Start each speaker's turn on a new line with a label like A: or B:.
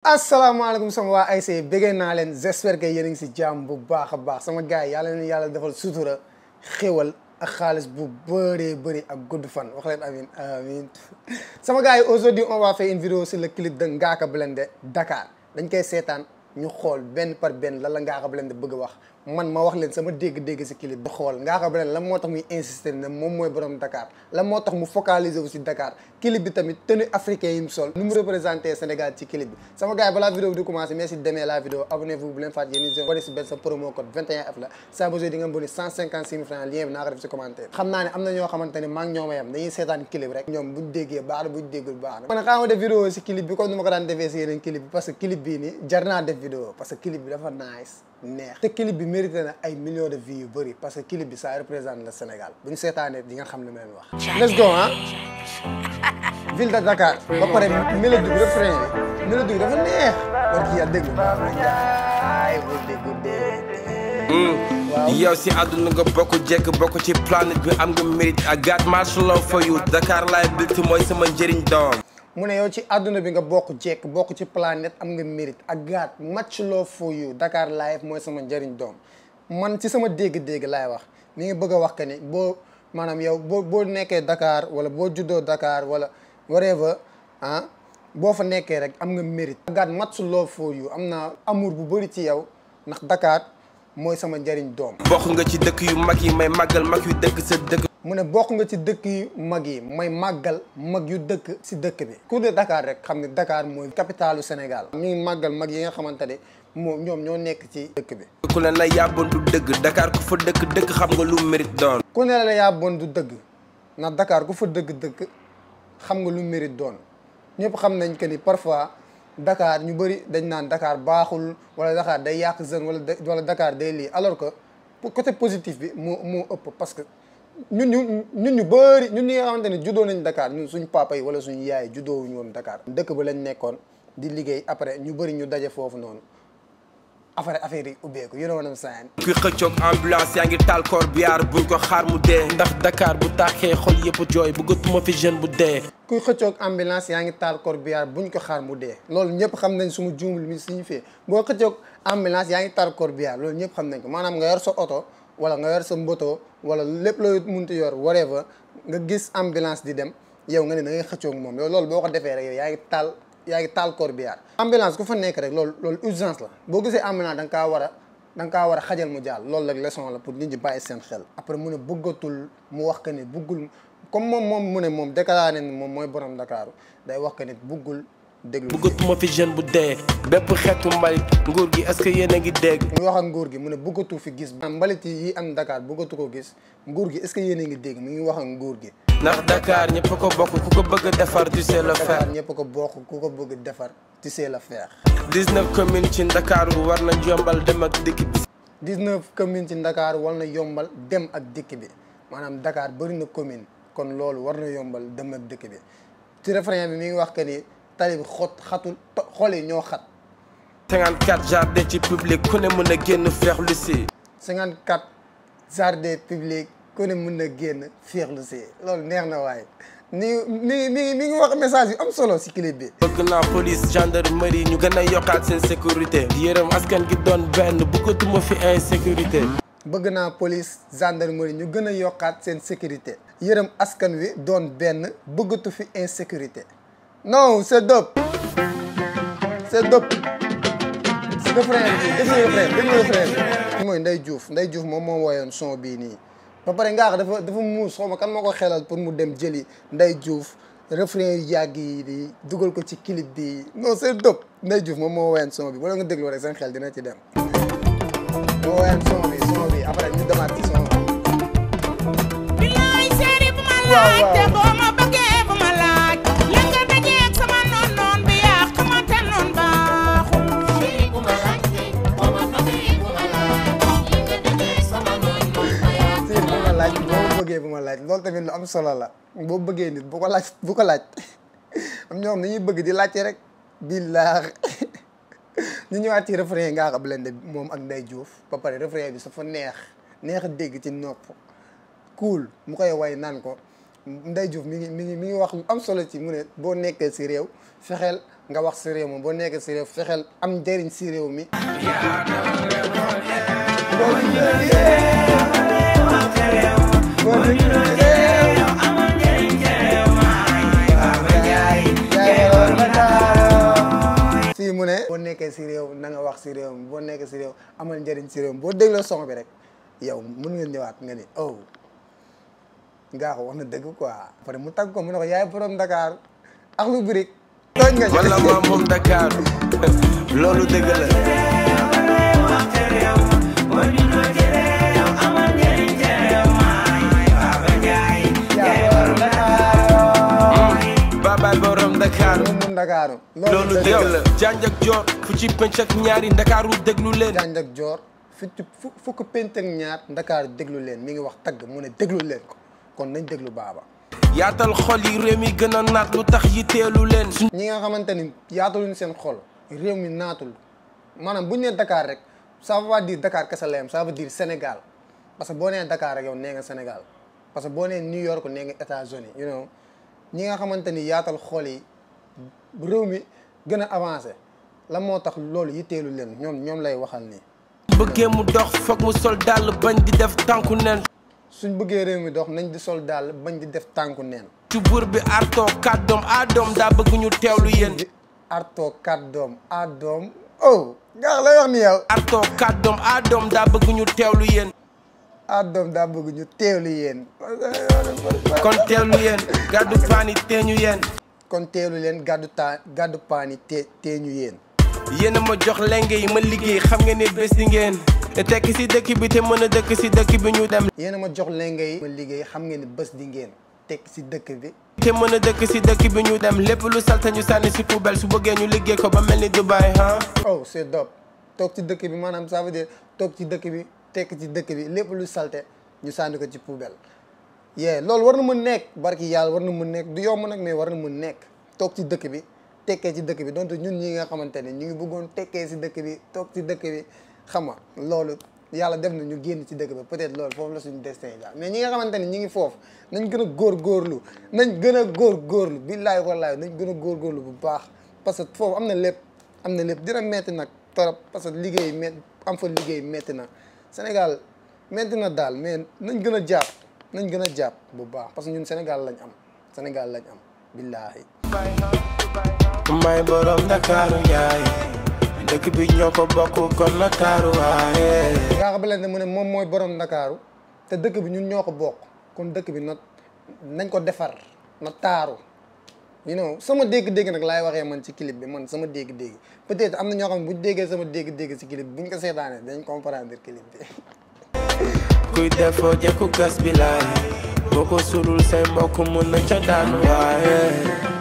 A: asalaamaaleykum sama waa ASC bëggee naa leen j'espère que yéen a ngi si jàmm bu baax a baax sama gaa yi yàlla na yàlla defal sutura xéwal ak xaalis bu bëree bëri ak gudd fan wax leen amin amin sama gars yi aujourd'hui on va faire une vidéo sur le clip de Ngaaka Blindé Dakar dañ koy seetaan ñu xool benn par benn lan la Ngaaka Blindé bëgg a wax man ma wax leen sama dégg-dégg si clip bi xool ngaa xam ne lan moo tax muy insister ne moom mooy borom Dakar lan moo tax mu focaliser wu si Dakar clip bi tamit tenue africain yi mu sol nu i wari si benn sa promo code 21F la saa besoin di ngeen boni 156 000 francs lien bi ko daan defee si clip bi parce que clip bii nii jar naa def vidéo parce que clip bi dafa nice neex te bi mérité na ay millions de vues yu bëri parce que clip bi ça représente le Sénégal bu ñu seetaanee di nga xam ne ma leen wax. let's go ah. ville de Dakar. ba pare mélodie bi refrain bi mélodie bi dafa neex. war
B: ci yàlla si àdduna nga bokk jekk bokk ci planète bi am nga mérite a got martial love for you Dakar laay bilt mooy sama njëriñ doom.
A: mu ne yow ci àdduna bi nga bokk jekk bokk ci planète am nga mérite ak gaat match love for you Dakar live mooy sama njariñ doom man ci sama dégg-dégg laay wax mi ngi bëgg a wax que ni boo maanaam yow boo boo nekkee Dakar wala boo juddoo dakaar wala whatever ah, boo fa nekkee rek am nga mérite ak gaat match love for you am naa amour bu bëri ci yow ndax Dakar mooy sama njariñ doom
B: bokk nga ci dëkk yu mag yi may màggal mag yu dëkk sa dëkk
A: mu ne bokk nga ci dëkk yi mag yi may màggal mag yu dëkk si dëkk bi ku de Dakar rek xam ne dakaar mooy capitalu Sénégal ñu ngi màggal mag yi nga xamante ne moo ñoom ñoo nekk ci dëkk bi
B: ku ne la yàbboon du dëgg Dakar ku fa dëkk dëkk xam nga lu mérite doon
A: ku ne la yàbboon du dëgg ndax Dakar ku fa dëgg dëkk xam nga lu mérite doon ñëpp xam nañ que ni parfois Dakar ñu bëri dañ naan Dakar baaxul wala Dakar day yàq jeune wala wala day lii alors que côté positif bi moo moo ëpp parce que ñun ñu ñun ñu bëri ñun ñi nga xamante ne juddoo nañ Dakar ñun suñ papa yi wala suñu yaay judo wuñu woon Dakar dëkk ba lañ nekkoon di liggéey après ñu bëri ñu daje foofu non affaire affaire yi ubbeeku you know what I'm saying
B: ki xëccoog ambulance yaa ngi taal corbillard buñ ko xaar mu dee ndax Dakar bu taaxee xol yëpp jooy bëggatuma fi jeune bu dee
A: ku xëccoog ambulance yaa ngi taal corbillard buñ ko xaar mu dee loolu ñëpp xam nañ suma juumul mi signifie boo xëccoog ambulance yaa ngi taal corbillard loolu ñëpp xam nañ ko maanaam nga yor sa oto wala nga yor sa mboto wala lépp looy munti yor whatever nga gis ambulance di dem yow nga ne da ngay xëccoog moom yow loolu boo ko defee rek yow yaa ngi taal yaa ngi taal ambulance ku fa nekk rek loolu loolu urgence la boo gisee ambulance da danga kaa war a da nga war a xajal mu jàll loolu rek leçon la pour nit ñi bàyyi seen xel après mu ne bëggatul mu wax que ne buggul comme moom moom mu ne moom déclaré ne moom mooy borom Ndakaaru day wax que ne buggul
B: bëggatuma fi jeune bu dee bépp xeetu mbalit nguur gi est-ce que yéen a ngi dégg
A: ñu wax ak nguur gi mu ne bëggatu fi gis mbalit yi am Dakar bëggatu ko gis nguur gi est-ce a ngi dégg mu ngi wax ak nguur gi
B: ndax Dakar ñëpp ko bokk ku ko bëgg defar tu sais le faire
A: ñëpp ko bokk ku ko bëgg defar tu sais le faire
B: 19 communes ci Dakar war na yombal dem ak dikk bi
A: 19 communes ci Dakar war na yombal dem ak dikk bi maanaam Dakar bëri na commune kon loolu war na yombal dem ak bi talib bi xot xatul xol yi ñoo xat.
B: 54 jardins ci public ku ne mën a génn 54
A: jardins public kone ne mën a génn féexlu si loolu neex na waaye. ni ni ni ngi wax message am solo ci clip bi.
B: bëgg na police gendarmerie ñu gëna a yokkaat seen sécurité. yërëm askan gi doon ben bu ko bëggatuma fi insécurité.
A: bëgg na police gendarmerie ñu gëna a yokkaat seen sécurité. yërëm askan wi doon benn bëggatu fi insécurité. non c'est dope c'est dope refrain déglu refrain déglu refrain mooy Ndeye Diouf Ndeye Diouf moom moo woyoon son bii nii ba pare ngaax dafa dafa muus xaw ma kan moo ko xelal pour mu dem jëli Ndeye Diouf refrain yu yàgg yi di dugal ko ci clip bi non c'est dope Ndeye Diouf moom moo woyoon son bi wala nga déglu rek seen xel dina ci dem moo woyoon son bi son bi après ñu demaat ci son
B: bi waaw waaw
A: solo la boo bëggee nit bu ko laaj bu ko laaj am ñoom dañuy bëgg di laajte rek billaax ñu ñëwaat ci refrain Ngaaka Blindé moom ak Ndeye Diouf ba pare refrain bi dafa neex neex dégg ci nopp kuul mu koy way naan ko Ndeye Diouf mi ngi mi mi ngi wax am solo ci mu boo nekkee si réew fexeel nga wax si réew moom boo nekkee si réew fexeel am njëriñ si réew mi wax si réew mi boo nekk si réew amal njëriñ si boo dégloo son bi rek yow mën nga ñëwaat nga ni oh ngaa ko wax na dëgg quoi. pare mu tagg ko mu ne ko yaay borom Dakar ak lu bëri.
B: tooñ nga ci wala maa moom Dakar baay borom Dakar. loolu dëgg la Janj ak Joor fu ci penc ñaari Ndakaaru déglu leen. Janj Joor
A: fu ci fukk penc ak ñaar Ndakaaru déglu leen mi ngi wax tagg mu ne déglu leen ko kon nañ déglu baaba. yaatal xol
B: yi réew mi gën a naat lu tax yi teelu leen.
A: ñi nga xamante ni yaataluñ seen xol réew mi naatul maanaam bu ñu nee Dakar rek ça veut dire Dakar kese la yem ça veut dire Sénégal parce boo nee dakaar rek yow nee nga Sénégal parce que boo nee New York nee nga États-Unis ñi nga xamante ni yaatal xool yi réew mi gën a avancé la moo tax loolu yitteelu leen ñoom ñoom lay waxal nii.
B: bëggee mu dox foog mu sol dàll bañ
A: di def tànku neen. suñ bëggee réew mi dox nañ di sol dàll bañ di def tànku neen. ci buur
B: bi artoo kàddoom aadoom daa bëgg ñu teewlu yéen. artoo kàddoom aadoom oh. gaax la wax ni yow. artoo kàddoom aadoom daa bëgguñu teew lu yéen. ah doom daa bëgg ñu teewlu yéen. kon teewlu yéen gàddu paan yi
A: kon teewlu leen gàddu taa gàddu paan yi te yéen.
B: yéen a ma jox lenge yi ma liggéey xam nga ne bés di tekk si dëkk bi te mën a dëkk si dëkk bi ñu dem.
A: yéen ma jox lenge yi ma liggéey xam nga ne bés di ngeen tekk si dëkk bi.
B: te mën a dëkk si dëkk bi ñu dem lépp lu salte ñu sànni si poubelle su bëggee ñu liggéey ko ba mel ni Dubaï ah.
A: oh c'est dope toog ci dëkk bi maanaam ça veut toog ci dëkk bi. tekk ci dëkk bi lépp lu salte ñu sànni ko ci poubelle yee loolu war na mën nekk barki yàlla war na mën nekk du yomb nag mais war na mën nekk toog ci dëkk bi tekkee ci dëkk bi dont ñun ñi nga xamante ne ñu ngi bëggoon tekkee si dëkk bi toog ci dëkk bi xam nga loolu yàlla def na ñu génn ci dëkk bi peut-être loolu foofu la suñu destin daal mais ñi nga xamante ne ñu ngi foofu nañ gën a góorgóorlu nañ gën a góorgóorlu billaay wallaay nañ gën a góorgóorlu bu baax parce que foofu am na lépp am na lépp dina metti nag torop parce que liggéey metti am fa liggéey metti na Sénégal métti na daal mais nañ gën a jàpp nañ gën a jàpp bu baax parce que ñun Sénégal lañ am Sénégal
B: lañ am billaahi may borom Ndakaaru yaay dëkk bi ñoo ko bokk kon na taaru waaye
A: ngaa xam ne mu ne moom mooy borom Ndakaaru te dëkk bi ñun ñoo ko bokk kon dëkk bi na nañ ko defar na taaru you know sama dég dégg nag laay waxee man ci clip man sama dégg-dégg peut-être am na ñoo xam bu ñu déggee sama dégg-dégg ci clip bi bu ñu ko seetaanee dañ comprendre clip bi.
B: kuy defoo gas bi laay boo ko sulul say mbokk mun na ca daan waaye.